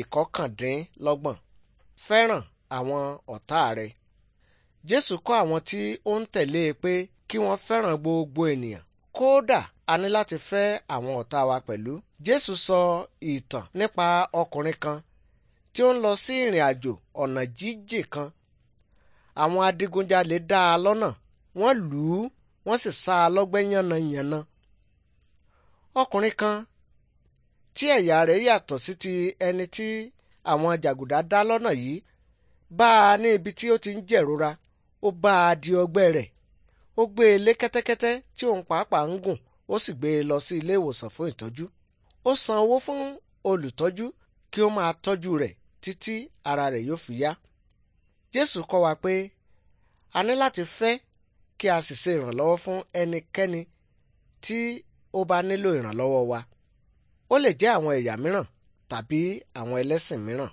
ìkọkàndínlọ́gbọ̀n fẹ́ràn àwọn ọ̀tá rẹ. Jésù kọ́ àwọn tí ó ń tẹ̀lé e pé kí wọ́n fẹ́ràn gbogbo ènìyàn kódà a ní láti fẹ́ àwọn ọ̀tá wa pẹ̀lú. Jésù sọ ìtàn nípa ọkùnrin kan tí ó ń lọ sí ìrìn àjò ọ̀nà jíjìn kan. Àwọn adigunjalè dá a lọ́nà wọ́n lù ú wọ́n sì sá a lọ́gbẹ́ yánnayànna. ọkùnrin kan tí ẹ̀yà rẹ̀ yàtọ̀ sí ti ẹni tí àwọn jàgùdà dá lọ́nà yìí bá a ní ibi tí ó ti ń jẹ̀rora ó bá a di ọgbẹ́ rẹ̀ ó gbé e lé kẹ́tẹ́kẹ́tẹ́ tí òun pàápàá ń gùn ó sì gbé e lọ sí ilé ìwòsàn fún ìtọ́jú ó san owó fún olùtọ́jú kí ó máa tọ́jú rẹ̀ títí ara rẹ̀ yóò fi yá jésù kọ́ wa pé a ní láti fẹ́ kí a sì ṣe ìrànlọ́wọ́ fún ẹnikẹ́ni tí ó bá nílò ìrànlọ́wọ́ wa ó lè jẹ́ àwọn ẹ̀yà mìíràn tàbí àwọn ẹlẹ́sìn mìíràn.